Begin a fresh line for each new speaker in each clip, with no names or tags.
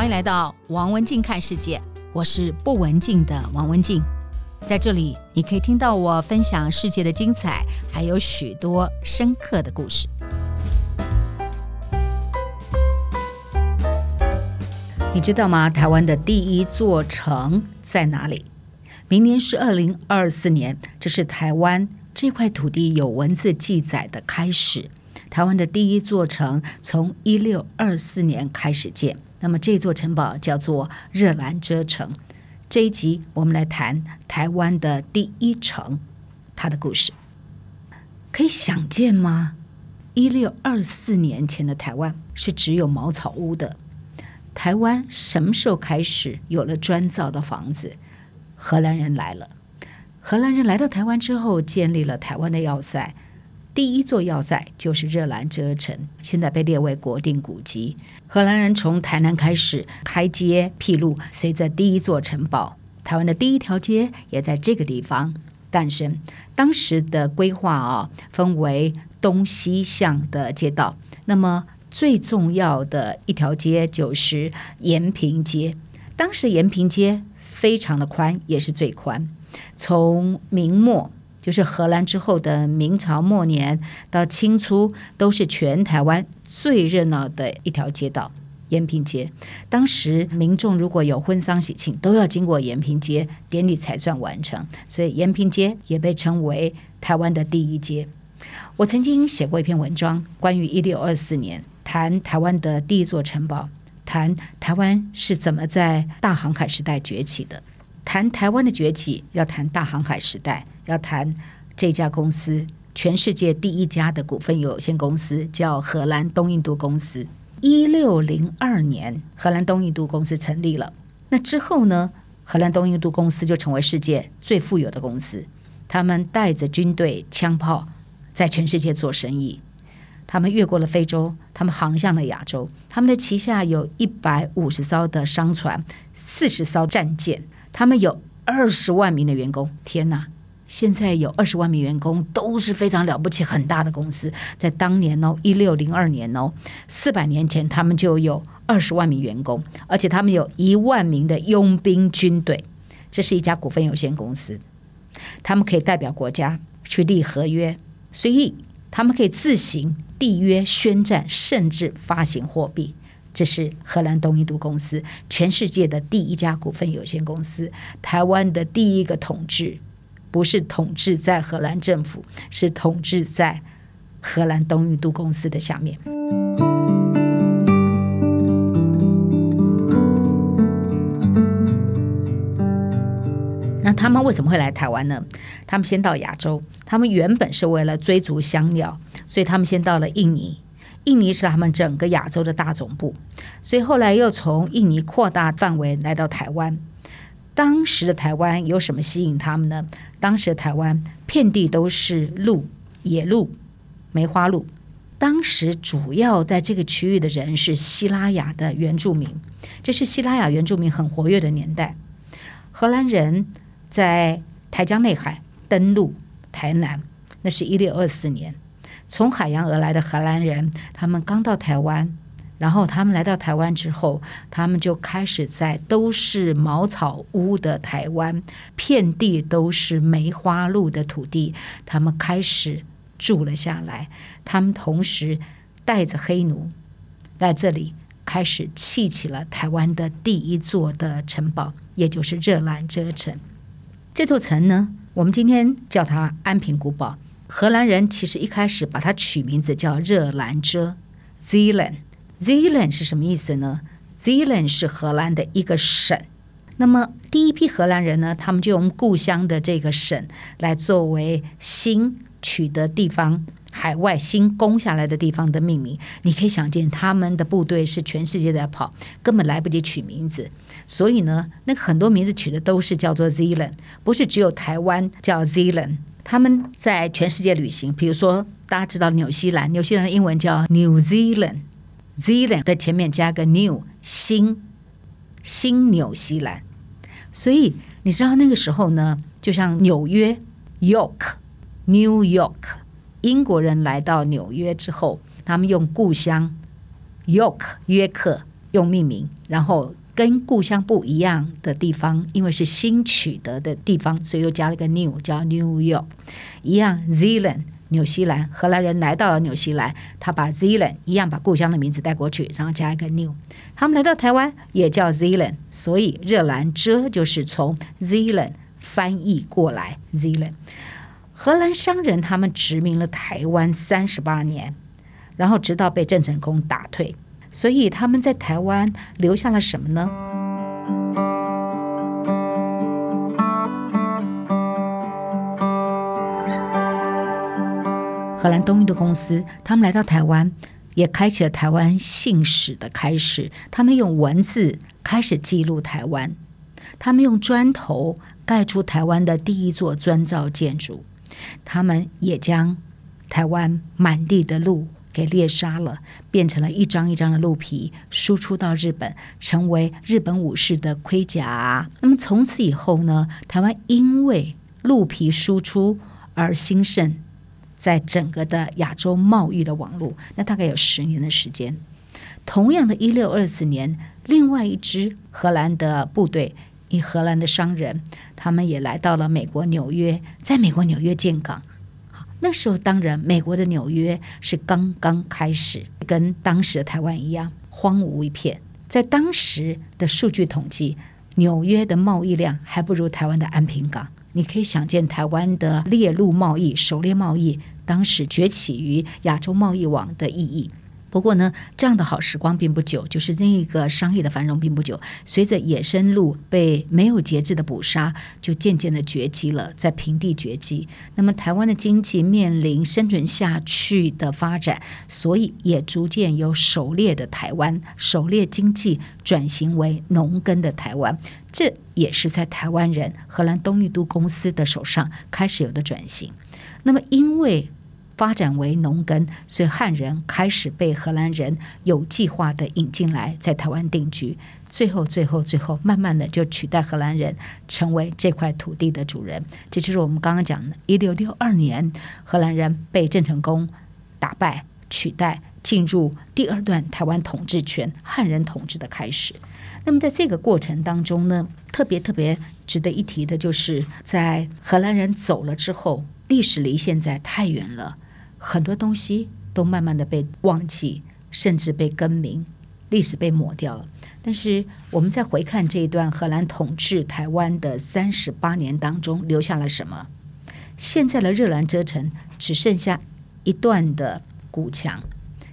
歡迎來到王文靜看世界，我是不文靜的王文靜，在這裡你可以聽到我分享世界的精彩，還有許多深刻的故事。你知道嗎？台灣的第一座城在哪裡？明年是二零二四年，這是台灣這塊土地有文字記載的開始。台灣的第一座城從一六二四年開始建。那麼這座城堡叫做熱蘭遮城。這一集我們來談台灣的第一城，它的故事。可以想見嗎？一六二四年前的台灣是只有茅草屋的。台灣什麼時候開始有了磚造的房子？荷蘭人來了。荷蘭人來到台灣之後，建立了台灣的要塞。第一座要塞就是熱蘭遮城，現在被列為國定古蹟。荷蘭人從台南開始開街闢路，隨着第一座城堡，台灣的第一條街也在這個地方誕生。當時的規劃啊、哦，分為東西向的街道，那麼最重要的一條街就是延平街。當時延平街非常的寬，也是最寬，從明末。就是荷蘭之後的明朝末年到清初，都是全台灣最熱鬧的一條街道——延平街。當時民眾如果有婚喪喜慶，都要經過延平街，典禮才算完成。所以延平街也被稱為台灣的第一街。我曾經寫過一篇文章，關於一六二四年，談台灣的第一座城堡，談台灣是怎麼在大航海時代崛起的。談台灣的崛起，要談大航海時代，要談這家公司，全世界第一家的股份有限公司叫荷蘭東印度公司。一六零二年，荷蘭東印度公司成立了。那之後呢？荷蘭東印度公司就成為世界最富有的公司。他們帶着軍隊、槍炮，在全世界做生意。他們越過了非洲，他們航向了亞洲。他們的旗下有一百五十艘的商船，四十艘戰艦。他們有二十萬名的員工，天哪！現在有二十萬名員工都是非常了不起，很大的公司。在當年哦，一六零二年哦，四百年前，他們就有二十萬名員工，而且他們有一萬名的傭兵軍隊。這是一家股份有限公司，他們可以代表國家去立合約，所以他們可以自行締約、宣戰，甚至發行貨幣。這是荷蘭東印度公司，全世界的第一家股份有限公司。台灣的第一個統治，不是統治在荷蘭政府，是統治在荷蘭東印度公司的下面。那他們為什麼會來台灣呢？他們先到亞洲，他們原本是為了追逐香料，所以他們先到了印尼。印尼是他們整個亞洲的大總部，所以後來又從印尼擴大範圍來到台灣。當時的台灣有什麼吸引他們呢？當時的台灣遍地都是鹿，野鹿、梅花鹿。當時主要在這個區域的人是西拉雅的原住民，這是西拉雅原住民很活躍的年代。荷蘭人在台江內海登陸台南，那是一六二四年。從海洋而來的荷蘭人，他們剛到台灣，然後他們來到台灣之後，他們就開始在都是茅草屋的台灣，遍地都是梅花鹿的土地，他們開始住了下來。他們同時帶着黑奴在這裡，開始砌起了台灣的第一座的城堡，也就是熱蘭遮城。這座城呢，我們今天叫它安平古堡。荷蘭人其實一開始把它取名字叫熱蘭遮，Zeeland。Zeeland 是什麼意思呢？Zeeland 是荷蘭的一個省。那麼第一批荷蘭人呢，他們就用故鄉的這個省來作為新取得地方，海外新攻下來的地方的命名。你可以想見，他們的部隊是全世界在跑，根本來不及取名字。所以呢，那個、很多名字取的都是叫做 Zeeland，不是只有台灣叫 Zeeland。他們在全世界旅行，比如說大家知道紐西蘭，紐西蘭的英文叫 New Zealand，Zealand 在 Zealand 前面加個 New 新新紐西蘭。所以你知道那個時候呢，就像紐約 York，New York，英國人來到紐約之後，他們用故鄉 York 約克，用命名，然後。跟故鄉不一樣的地方，因為是新取得的地方，所以又加了一個 new，叫 New York。一樣，Zealand，紐西蘭，荷蘭人來到了紐西蘭，他把 Zealand 一樣把故鄉的名字帶過去，然後加一個 new。他們來到台灣也叫 Zealand，所以熱蘭遮就是從 Zealand 翻譯過來，Zealand。荷蘭商人他們殖民了台灣三十八年，然後直到被鄭成功打退。所以他們在台灣留下了什麼呢？荷蘭東印度公司，他們來到台灣，也開啟了台灣信史的開始。他們用文字開始記錄台灣，他們用磚頭蓋出台灣的第一座磚造建築，他們也將台灣滿地的路。給獵殺了，變成了一張一張的鹿皮，輸出到日本，成為日本武士的盔甲。那麼從此以後呢，台灣因為鹿皮輸出而興盛，在整個的亞洲貿易的網絡，那大概有十年的時間。同樣的一六二四年，另外一支荷蘭的部隊，以荷蘭的商人，他們也來到了美國紐約，在美國紐約建港。那時候，當然，美國的紐約是剛剛開始，跟當時的台灣一樣荒蕪一片。在當時的數據統計，紐約的貿易量還不如台灣的安平港。你可以想見，台灣的獵鹿貿易、首列貿易，當時崛起於亞洲貿易網的意義。不過呢，這樣的好時光並不久，就是那一個商業的繁榮並不久。隨着野生鹿被沒有節制的捕殺，就漸漸的絕跡了，在平地絕跡。那麼台灣的經濟面臨生存下去的發展，所以也逐漸由狩獵的台灣狩獵經濟，轉型為農耕的台灣。這也是在台灣人荷蘭東印度公司的手上開始有的轉型。那麼因為發展為農耕，所以漢人開始被荷蘭人有計劃的引進來，在台灣定居。最後，最後，最後，慢慢的就取代荷蘭人，成為這塊土地的主人。這就是我們剛剛講的，一六六二年，荷蘭人被鄭成功打敗，取代，進入第二段台灣統治權，漢人統治的開始。那麼，在這個過程當中呢，特別特別值得一提的，就是在荷蘭人走了之後，歷史離現在太遠了。很多東西都慢慢的被忘記，甚至被更名，歷史被抹掉了。但是我們再回看這一段荷蘭統治台灣的三十八年當中，留下了什麼？現在的熱蘭遮城只剩下一段的古牆，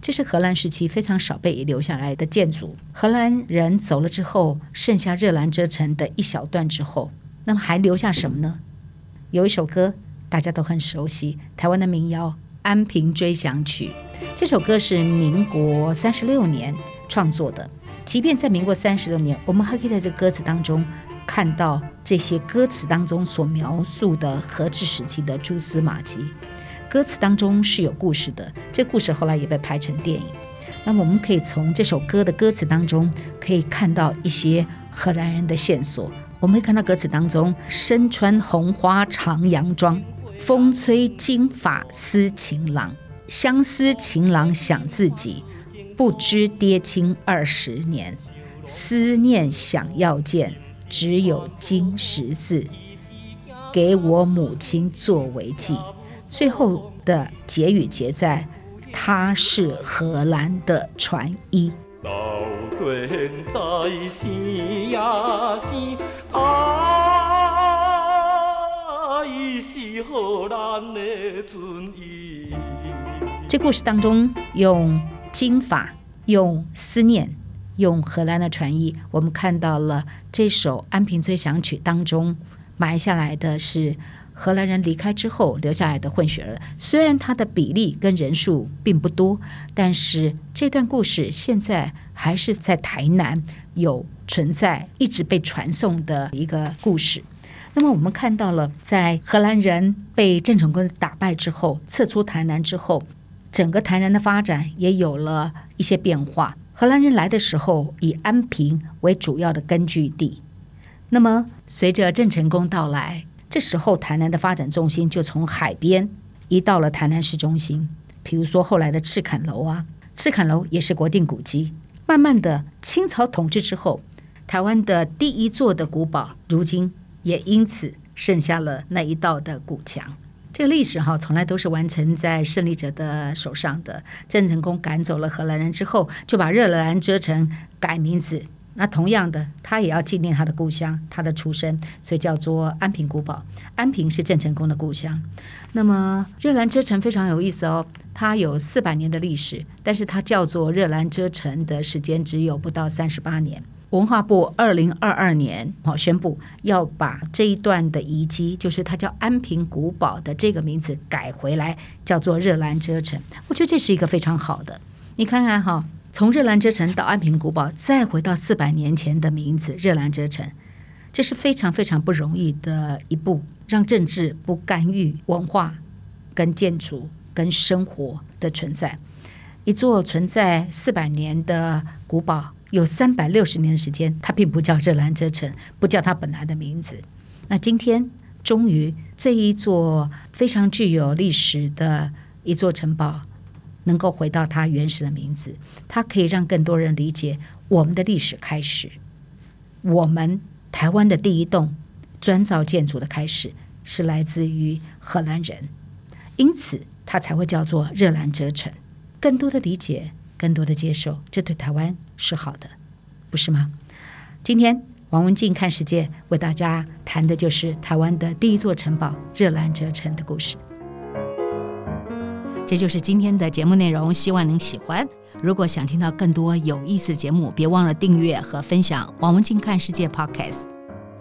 這是荷蘭時期非常少被留下來的建築。荷蘭人走了之後，剩下熱蘭遮城的一小段之後，那麼還留下什麼呢？有一首歌大家都很熟悉，台灣的民謠。《安平追想曲》這首歌是民國三十六年創作的。即便在民國三十六年，我們還可以在這歌詞當中看到這些歌詞當中所描述的荷治時期的蛛絲馬跡。歌詞當中是有故事的，這故事後來也被拍成電影。那麼，我們可以從這首歌的歌詞當中可以看到一些荷蘭人的線索。我們可以看到歌詞當中身穿紅花長洋裝。風吹金髮思情郎，相思情郎想自己，不知爹親二十年，思念想要見，只有金十字，給我母親作為記，最後的結語結在，他是荷蘭的船醫。老這故事當中，用經法，用思念，用荷蘭的傳譯，我們看到了這首《安平追想曲》當中埋下來的是荷蘭人離開之後留下來的混血兒。雖然他的比例跟人數並不多，但是這段故事現在還是在台南有存在，一直被傳頌的一個故事。那麼我們看到了，在荷蘭人被鄭成功打敗之後，撤出台南之後，整個台南的發展也有了一些變化。荷蘭人來的時候以安平為主要的根據地，那麼隨着鄭成功到來，這時候台南的發展重心就從海邊移到了台南市中心，比如說後來的赤崁樓啊，赤崁樓也是國定古蹟。慢慢的，清朝統治之後，台灣的第一座的古堡，如今，也因此剩下了那一道的古牆。這個歷史哈、哦，從來都是完成在勝利者的手上的。鄭成功趕走了荷蘭人之後，就把熱蘭遮城改名字。那同樣的，他也要紀念他的故鄉，他的出身，所以叫做安平古堡。安平是鄭成功的故鄉。那麼熱蘭遮城非常有意思哦，它有四百年的歷史，但是它叫做熱蘭遮城的時間只有不到三十八年。文化部二零二二年，我宣布要把這一段的遺跡，就是它叫安平古堡的這個名字改回來，叫做熱蘭遮城。我覺得這是一個非常好的。你看看哈，從熱蘭遮城到安平古堡，再回到四百年前的名字熱蘭遮城，這是非常非常不容易的一步，讓政治不干預文化、跟建築、跟生活的存在，一座存在四百年的古堡。有三百六十年的時間，它並不叫熱蘭遮城，不叫它本來的名字。那今天，終於這一座非常具有歷史的一座城堡，能夠回到它原始的名字。它可以讓更多人理解我們的歷史開始，我們台灣的第一棟磚造建築的開始，是來自於荷蘭人，因此它才會叫做熱蘭遮城。更多的理解，更多的接受，這對台灣。是好的，不是嗎？今天王文靜看世界為大家談的就是台灣的第一座城堡熱蘭遮城的故事。這就是今天的節目內容，希望您喜歡。如果想聽到更多有意思的節目，別忘了訂閱和分享王文靜看世界 Podcast。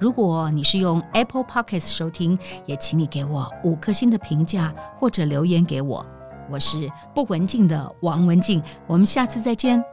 如果你是用 Apple Podcast 收聽，也請你給我五顆星的評價或者留言給我。我是不文靜的王文靜，我們下次再見。